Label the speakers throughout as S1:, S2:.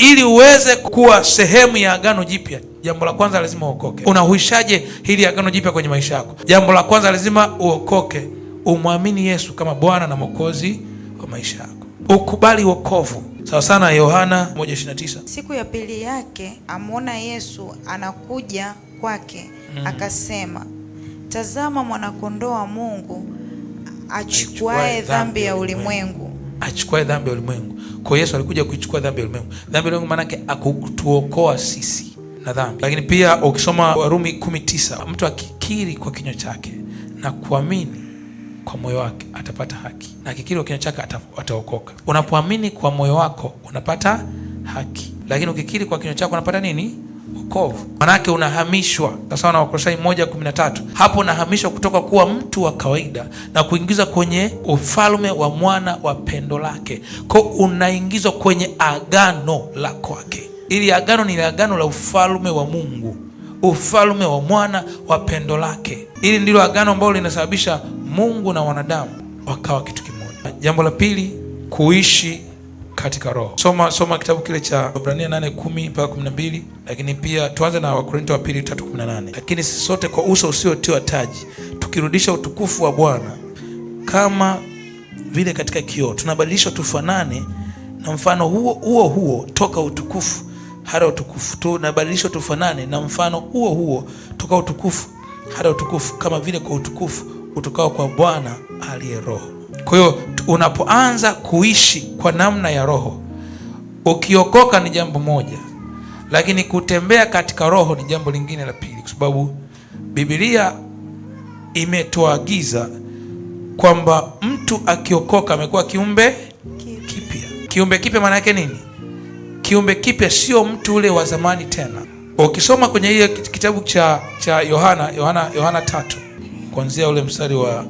S1: Ili uweze kuwa sehemu ya agano jipya, jambo la kwanza lazima uokoke. Unahuishaje hili agano jipya kwenye maisha yako? Jambo la kwanza lazima uokoke, umwamini Yesu kama Bwana na Mwokozi wa maisha yako, ukubali wokovu sawa sana Yohana 1:29.
S2: Siku ya pili yake amwona Yesu anakuja kwake, hmm, akasema, tazama mwanakondoo wa Mungu achukuae dhambi ya ulimwengu
S1: achukue dhambi ya ulimwengu. Kwa hiyo Yesu alikuja kuichukua dhambi ya ulimwengu. Dhambi ya ulimwengu maana yake akutuokoa sisi na dhambi. Lakini pia ukisoma Warumi 19, mtu akikiri kwa kinywa chake na kuamini kwa moyo wake atapata haki, na akikiri kwa kinywa chake ataokoka. Unapoamini kwa moyo wako unapata haki, lakini ukikiri kwa kinywa chako unapata nini? wokovu. Manake unahamishwa sawa na Wakolosai moja kumi na tatu. Hapo unahamishwa kutoka kuwa mtu wa kawaida na kuingizwa kwenye ufalme wa mwana wa pendo lake, ko unaingizwa kwenye agano la kwake. Ili agano ni agano la ufalme wa Mungu, ufalme wa mwana wa pendo lake. Ili ndilo agano ambalo linasababisha Mungu na wanadamu wakawa kitu kimoja. Jambo la pili, kuishi katika roho. Soma soma kitabu kile cha Waebrania 8:10 mpaka 12, lakini pia tuanze na Wakorinto wa pili 3:18. Lakini sisi sote kwa uso usiotiwa taji, tukirudisha utukufu wa Bwana kama vile katika kioo, tunabadilishwa tufanane na mfano huo huo huo toka utukufu hata utukufu, tunabadilishwa tufanane na mfano huo huo toka utukufu hata utukufu, kama vile kwa utukufu utokao kwa Bwana aliye Roho. Kwa hiyo Unapoanza kuishi kwa namna ya Roho, ukiokoka ni jambo moja, lakini kutembea katika Roho ni jambo lingine la pili, kwa sababu Biblia imetuagiza kwamba mtu akiokoka amekuwa kiumbe
S2: kipya.
S1: Kiumbe kipya maana yake nini? Kiumbe kipya sio mtu ule wa zamani tena. Ukisoma kwenye ile kitabu cha cha Yohana Yohana Yohana tatu kuanzia ule mstari wa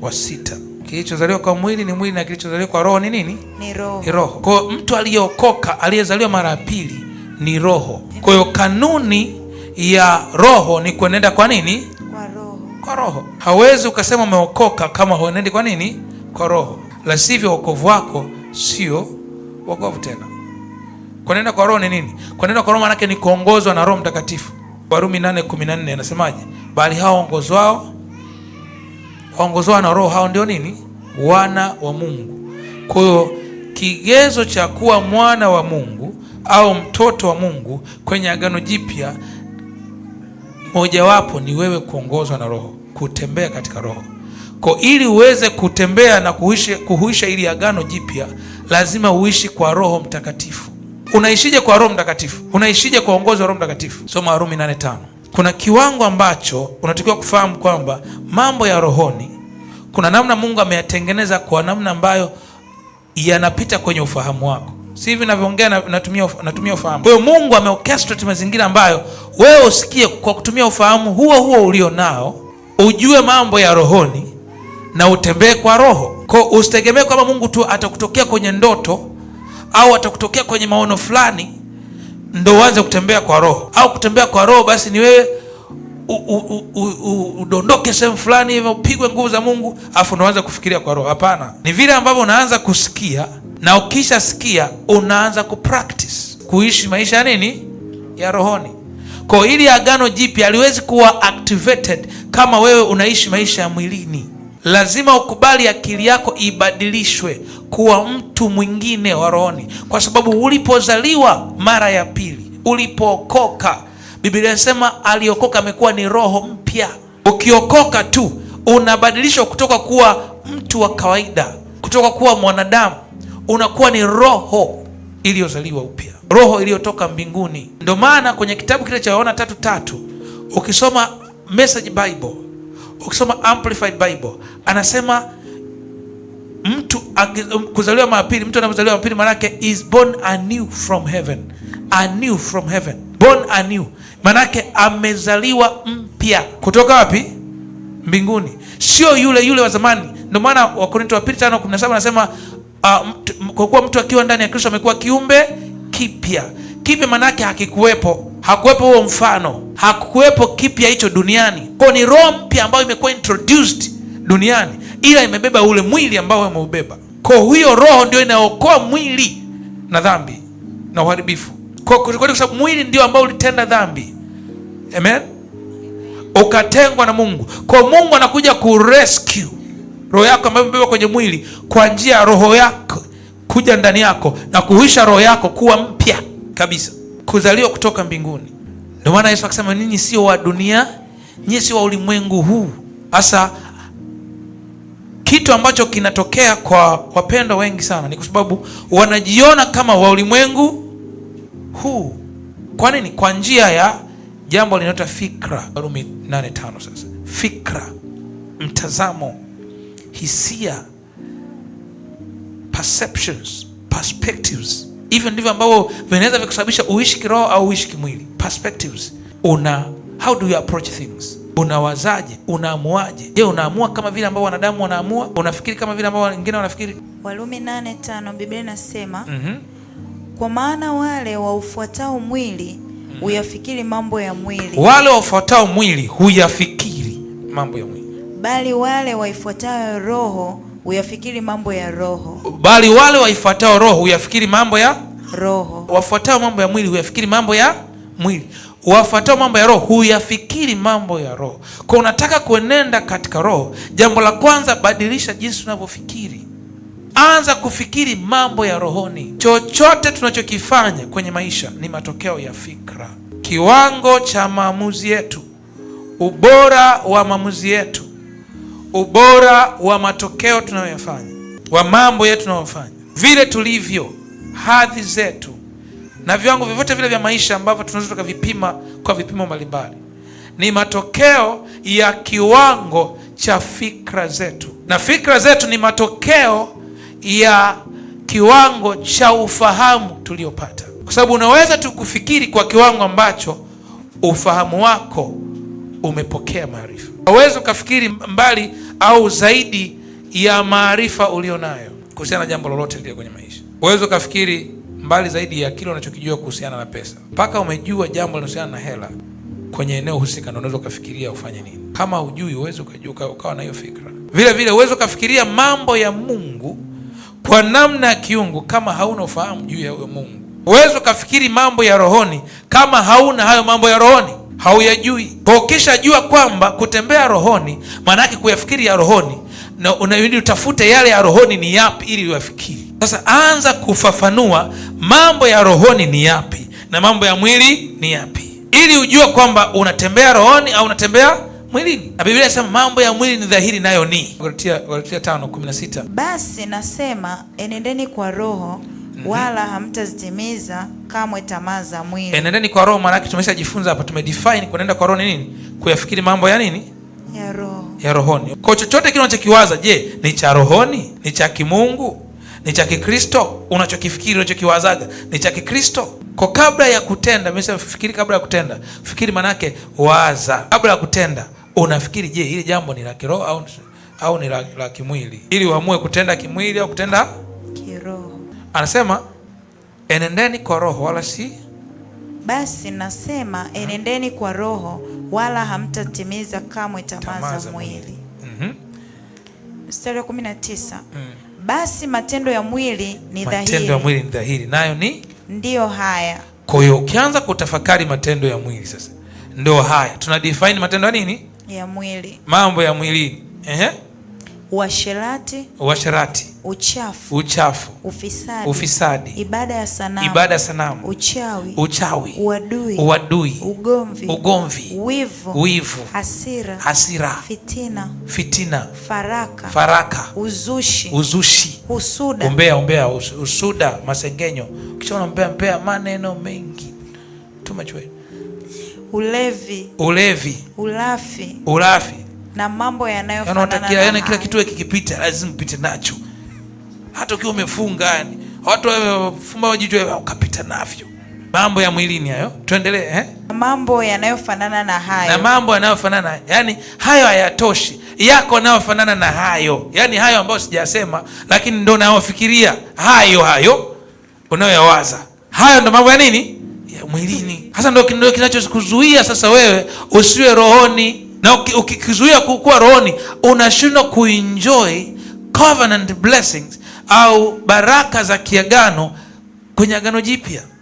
S1: wa sita Kilichozaliwa kwa mwili ni mwili na kilichozaliwa kwa roho ni nini? Ni roho. Ni roho. Kwa mtu aliyeokoka aliyezaliwa mara ya pili ni roho. Kwa hiyo kanuni ya roho ni kuenenda kwa nini? Kwa roho. Kwa roho. Hawezi ukasema umeokoka kama huenendi kwa nini? Kwa roho. La sivyo wokovu wako sio wokovu tena. Kuenenda kwa roho ni nini? Kuenenda kwa roho maanake ni kuongozwa na Roho Mtakatifu. Warumi 8:14 anasemaje? Bali hao waongozwao waongozwa na Roho, hao ndio nini? Wana wa Mungu. Kwa hiyo kigezo cha kuwa mwana wa Mungu au mtoto wa Mungu kwenye Agano Jipya, mojawapo ni wewe kuongozwa na Roho, kutembea katika Roho. Kwa ili uweze kutembea na kuhuisha, kuhuisha ili Agano Jipya, lazima uishi kwa Roho Mtakatifu. Unaishije kwa Roho Mtakatifu? Unaishije kwa uongozi wa Roho Mtakatifu? Soma Warumi 8:5 kuna kiwango ambacho unatakiwa kufahamu kwamba mambo ya rohoni kuna namna Mungu ameyatengeneza kwa namna ambayo yanapita kwenye ufahamu wako. Si hivi ninavyoongea, natumia natumia ufahamu. Kwa Mungu ameorchestrate mazingira ambayo wewe usikie kwa kutumia ufahamu huo huo ulio nao, ujue mambo ya rohoni na utembee kwa roho. Kwa usitegemee kwamba Mungu tu atakutokea kwenye ndoto au atakutokea kwenye maono fulani ndo uanze kutembea kwa roho. Au kutembea kwa roho basi ni wewe udondoke sehemu fulani hivyo, upigwe nguvu za Mungu afu unaanza kufikiria kwa roho. Hapana, ni vile ambavyo unaanza kusikia, na ukishasikia unaanza kupractice kuishi maisha ya nini ya rohoni. Kwa ili agano jipya aliwezi kuwa activated kama wewe unaishi maisha ya mwilini lazima ukubali akili yako ibadilishwe kuwa mtu mwingine wa rohoni, kwa sababu ulipozaliwa mara ya pili, ulipookoka, Biblia inasema aliokoka amekuwa ni roho mpya. Ukiokoka tu unabadilishwa kutoka kuwa mtu wa kawaida, kutoka kuwa mwanadamu, unakuwa ni roho iliyozaliwa upya, roho iliyotoka mbinguni. Ndio maana kwenye kitabu kile cha Yohana tatu tatu ukisoma Message Bible ukisoma Amplified Bible anasema mtu kuzaliwa mara pili, mtu anapozaliwa mara pili manake is born anew from heaven, anew from heaven, born anew, manake amezaliwa mpya kutoka wapi? Mbinguni, sio yule yule wa zamani. Ndio maana Wakorinto wa pili 5:17 anasema ah, kwa kuwa mtu akiwa ndani ya Kristo amekuwa kiumbe kipya. Kipya manake hakikuwepo hakuwepo huo mfano, hakuwepo kipya hicho duniani. Kwa ni roho mpya ambayo imekuwa introduced duniani, ila imebeba ule mwili ambao ameubeba. Kwa hiyo roho ndio inaokoa mwili na dhambi na uharibifu, kwa sababu mwili ndio ambao ulitenda dhambi. Amen, ukatengwa na Mungu. Kwa Mungu anakuja kurescue roho yako ambayo imebeba kwenye mwili kwa njia ya roho yako kuja ndani yako na kuhuisha roho yako kuwa mpya kabisa kuzaliwa kutoka mbinguni. Ndio maana Yesu akasema ninyi sio wa dunia, nyinyi sio wa ulimwengu huu. hasa kitu ambacho kinatokea kwa wapendwa wengi sana ni kwa sababu wanajiona kama wa ulimwengu huu. Kwa nini? Kwa njia ya jambo linaloitwa fikra. Warumi 8:5. Sasa fikra, mtazamo, hisia, perceptions, perspectives hivyo ndivyo ambavyo vinaweza vikusababisha uishi kiroho au uishi kimwili. Perspectives, una how do you approach things, unawazaje? Unaamuaje? Je, unaamua kama vile ambao wanadamu wanaamua? Unafikiri kama vile ambao wengine wanafikiri?
S2: walumi 8:5 Biblia inasema mm -hmm. kwa maana wale waufuatao mwili mhm. huyafikiri mambo ya mwili,
S1: wale waufuatao mwili huyafikiri mambo ya mwili,
S2: bali wale waifuatayo roho uyafikiri mambo ya roho,
S1: bali wale waifuatao roho huyafikiri mambo ya roho. Wafuatao mambo ya mwili huyafikiri mambo ya mwili, wafuatao mambo ya roho huyafikiri mambo ya roho. Kwa unataka kuenenda katika roho, jambo la kwanza, badilisha jinsi unavyofikiri. Anza kufikiri mambo ya rohoni. Chochote tunachokifanya kwenye maisha ni matokeo ya fikra. Kiwango cha maamuzi yetu, ubora wa maamuzi yetu ubora wa matokeo tunayoyafanya, wa mambo yetu tunayofanya, vile tulivyo, hadhi zetu na viwango vyovyote vile vya maisha ambavyo tunaweza tukavipima kwa vipimo mbalimbali, ni matokeo ya kiwango cha fikra zetu, na fikra zetu ni matokeo ya kiwango cha ufahamu tuliopata, kwa sababu unaweza tu kufikiri kwa kiwango ambacho ufahamu wako umepokea maarifa. Hauwezi ukafikiri mbali au zaidi ya maarifa ulio nayo kuhusiana na jambo lolote lile kwenye maisha. Huwezi ukafikiri mbali zaidi ya kile unachokijua kuhusiana na pesa, mpaka umejua jambo linahusiana na hela kwenye eneo husika, ndio unaweza ukafikiria ufanye nini. Kama hujui, huwezi ukawa na hiyo fikra. Vile vile huwezi ukafikiria mambo ya Mungu kwa namna ya kiungu kama hauna ufahamu juu ya huyo Mungu. Huwezi ukafikiri mambo ya rohoni kama hauna hayo mambo ya rohoni hauyajui. Kwa ukishajua kwamba kutembea rohoni maana yake kuyafikiri ya rohoni, na unabidi utafute yale ya rohoni ni yapi ili uyafikiri. Sasa anza kufafanua mambo ya rohoni ni yapi na mambo ya mwili ni yapi, ili ujue kwamba unatembea rohoni au unatembea mwilini. Na Biblia inasema mambo ya mwili ni dhahiri, nayo ni Galatia 5:16,
S2: basi nasema enendeni kwa roho mhm. wala hamtazitimiza kamwe tamaa za mwili.
S1: Enendeni eh, kwa roho, maana tumeshajifunza hapa, tumedefine kunaenda kwa roho ni nini? Kuyafikiri mambo ya nini? Ya roho. Ya rohoni. Kwa chochote kile unachokiwaza, je, ni cha rohoni? Ni cha kimungu? Ni cha Kikristo? Unachokifikiri, unachokiwazaga ni cha Kikristo? Kwa kabla ya kutenda, mimi fikiri kabla ya kutenda. Fikiri maana yake waza. Kabla ya kutenda, unafikiri je, hili jambo ni la kiroho au au ni la, la kimwili? Ili uamue kutenda kimwili au kutenda kiroho. Anasema enendeni kwa roho wala si
S2: basi nasema hmm. enendeni kwa roho wala hamtatimiza kamwe tamaa za mwili. mm Mstari wa 19. mm. Basi matendo ya mwili ni dhahiri, matendo
S1: ya mwili ni dhahiri, nayo ni
S2: ndiyo haya.
S1: Kwa hiyo ukianza kutafakari matendo ya mwili sasa, ndio haya tuna define matendo ya nini
S2: ya mwili,
S1: mambo ya mwili. Ehe.
S2: Uasherati,
S1: uasherati,
S2: uchafu, uchafu, ufisadi,
S1: ufisadi,
S2: ibada ya sanamu,
S1: ibada ya sanamu,
S2: uchawi, uchawi, uadui, uadui, ugomvi,
S1: ugomvi,
S2: wivu, wivu, hasira, hasira, fitina,
S1: fitina,
S2: faraka,
S1: faraka,
S2: uzushi,
S1: uzushi, usuda, umbea, umbea, usuda, masengenyo, kichona umbea, mbea, maneno mengi, tumachwe,
S2: ulevi,
S1: ulevi,
S2: ulafi, ulafi na mambo
S1: yanayofanana yani, yaani kila kitu kikipita lazima upite nacho, hata ukiwa umefunga yani watu wamefumba jicho yaani, ukapita navyo. Mambo ya mwilini hayo, tuendelee eh?
S2: Mambo yanayofanana na hayo
S1: na mambo yanayofanana yani, hayo hayatoshi, yako yanayofanana na hayo, yani hayo ambayo sijasema, lakini ndo nayofikiria hayo hayo unayoyawaza, hayo ndo mambo ya nini ya mwilini. Sasa ndo kinachokuzuia sasa wewe usiwe rohoni na ukikizuia kuwa rohoni, unashindwa kuenjoy covenant blessings au baraka za kiagano kwenye agano jipya.